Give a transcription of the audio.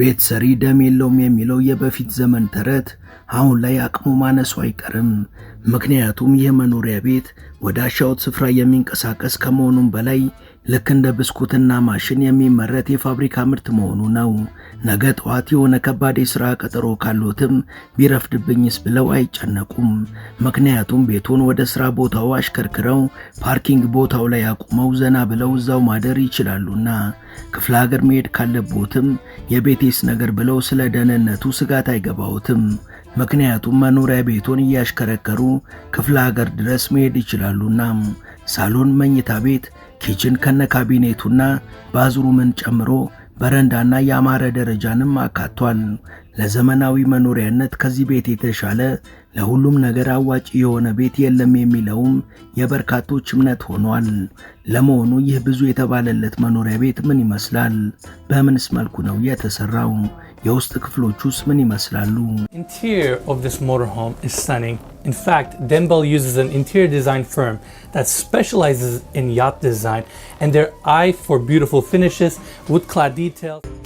ቤት ሰሪ ደም የለውም የሚለው የበፊት ዘመን ተረት አሁን ላይ አቅሙ ማነሱ አይቀርም። ምክንያቱም ይህ መኖሪያ ቤት ወደ አሻውት ስፍራ የሚንቀሳቀስ ከመሆኑም በላይ ልክ እንደ ብስኩትና ማሽን የሚመረት የፋብሪካ ምርት መሆኑ ነው። ነገ ጠዋት የሆነ ከባድ የሥራ ቀጠሮ ካሉትም ቢረፍድብኝስ ብለው አይጨነቁም። ምክንያቱም ቤቱን ወደ ሥራ ቦታው አሽከርክረው ፓርኪንግ ቦታው ላይ አቁመው ዘና ብለው እዛው ማደር ይችላሉና። ክፍለ ሀገር መሄድ ካለቦትም የቤቴስ ነገር ብለው ስለ ደህንነቱ ስጋት አይገባውትም። ምክንያቱም መኖሪያ ቤቱን እያሽከረከሩ ክፍለ ሀገር ድረስ መሄድ ይችላሉና ሳሎን፣ መኝታ ቤት ኪችን ከነ ካቢኔቱና ባዝሩምን ጨምሮ በረንዳና ያማረ ደረጃንም አካቷል። ለዘመናዊ መኖሪያነት ከዚህ ቤት የተሻለ ለሁሉም ነገር አዋጭ የሆነ ቤት የለም የሚለውም የበርካቶች እምነት ሆኗል። ለመሆኑ ይህ ብዙ የተባለለት መኖሪያ ቤት ምን ይመስላል? በምንስ መልኩ ነው የተሰራው? የውስጥ ክፍሎቹስ ምን ይመስላሉ? ኢንቴሪየር ኦፍ ዚስ ሞተር ሆም ኢዝ ስታኒንግ ኢን ፋክት ደምበል ዩዝስ አን ኢንቴሪየር ዲዛይን ፈርም ዛት ስፔሻላይዝስ ኢን ያት ዲዛይን ኤንድ ዜር አይ ፎር ቢዩቲፉል ፊኒሽስ ውድ ክላድ ዲቴይልስ